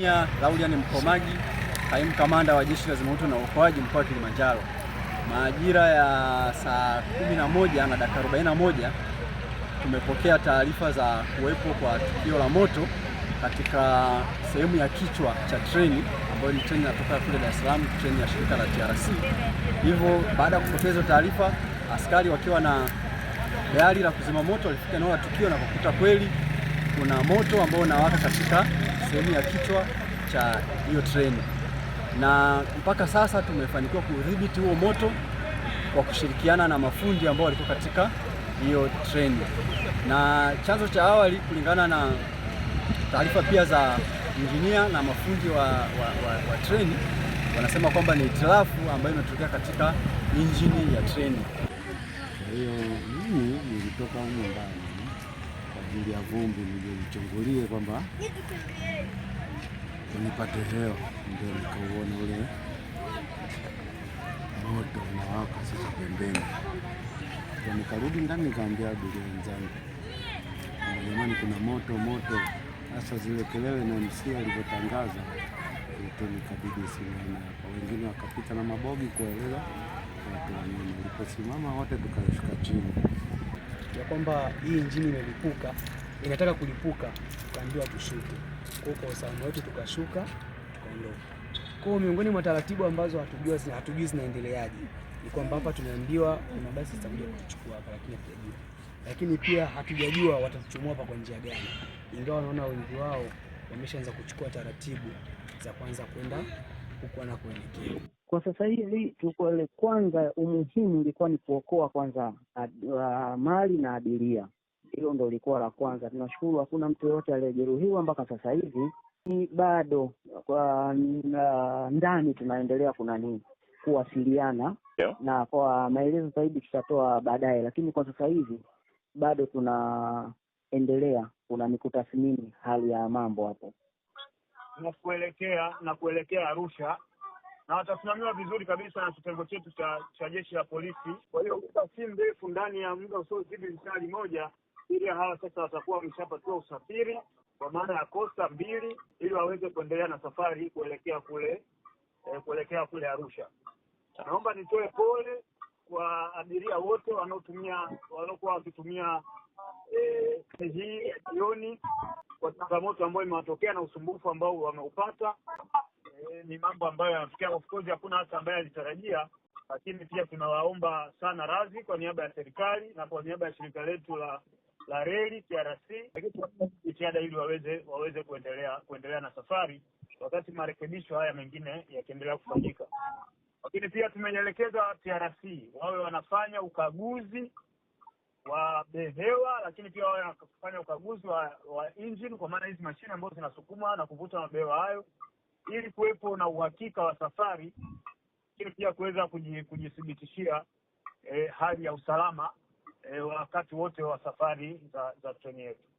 Mia Laulian Mkomaji, kaimu kamanda wa Jeshi la Zimamoto na Uokoaji mkoa wa Kilimanjaro. Majira ya saa 11 na dakika 41 tumepokea taarifa za kuwepo kwa tukio la moto katika sehemu ya kichwa cha treni ambayo ni treni inatoka kule Dar es Salaam, treni ya shirika la TRC. Hivyo baada ya kupokea hizo taarifa, askari wakiwa na gari la kuzima moto walifika eneo la tukio na kukuta kweli kuna moto ambao unawaka katika sehemu ya kichwa cha hiyo treni, na mpaka sasa tumefanikiwa kudhibiti huo moto kwa kushirikiana na mafundi ambao walikuwa katika hiyo treni. Na chanzo cha awali, kulingana na taarifa pia za injinia na mafundi wa, wa, wa, wa treni, wanasema kwamba ni hitilafu ambayo imetokea katika injini ya treni. Kwa hiyo mimi nilitoka huko ndani ajili ya vumbi, nilimchungulie kwamba nipate hewa, ndio nikauona ule moto unawaka sasa pembeni. Nikarudi ndani nikaambia abiria wenzangu, jamani, kuna moto moto. hasa zile kelele na MC alivyotangaza tu, nikabidi simama hapa. Wengine wakapita na mabogi kueleza watu wanini. Waliposimama wote tukashuka chini ya kwamba hii injini imelipuka inataka kulipuka, tukaambiwa tushute. Kwa hiyo kwa usalama wetu tukashuka tukaondoka. Kwa hiyo miongoni mwa taratibu ambazo hatujua hatujui zinaendeleaje ni kwamba hapa tumeambiwa kuna basi zitakuja kutuchukua hapa, lakini hatujajua, lakini pia hatujajua watatuchomoa hapa kwa njia gani, ingawa naona wengi wao wameshaanza kuchukua taratibu za kwanza kwenda huku anakoelekea. Kwa sasa hivi ile kwanza umuhimu ulikuwa ni kuokoa kwanza ad, uh, ah, mali na abiria hilo ndo lilikuwa la kwanza. Tunashukuru hakuna mtu yoyote aliyejeruhiwa mpaka sasa hivi. Ni bado kwa ndani tunaendelea nini kuwasiliana yeah. na kwa maelezo zaidi tutatoa baadaye, lakini kwa sasa hivi bado tunaendelea kunani kutathmini hali ya mambo hapo na kuelekea na kuelekea Arusha na watasimamiwa vizuri kabisa na kitengo chetu cha cha jeshi la polisi. Kwa hiyo muda si mrefu, ndani ya muda usiozidi lisali moja abiria hawa sasa watakuwa wameshapatiwa usafiri kwa maana ya kosta mbili, ili waweze kuendelea na safari kuelekea kule eh, kuelekea kule Arusha. Naomba nitoe pole kwa abiria wote wanaotumia wanaokuwa wakitumia eh, hii ya jioni kwa changamoto ambayo imewatokea na usumbufu ambao wameupata. Eh, ni mambo ambayo yanatokea. of course hakuna hata ambaye alitarajia lakini pia tunawaomba sana radhi kwa niaba ya serikali na kwa niaba ya shirika letu la la reli TRC, jitihada ili waweze waweze kuendelea kuendelea na safari, wakati marekebisho haya mengine yakiendelea kufanyika. Lakini pia tumeelekeza TRC wawe wanafanya ukaguzi wa behewa, lakini pia wawe wanafanya ukaguzi wa, wa engine, kwa maana hizi mashine ambazo zinasukuma na kuvuta mabehewa hayo, ili kuwepo na uhakika wa safari, lakini pia kuweza kujithibitishia eh, hali ya usalama e, wakati wote wa safari za, za treni yetu.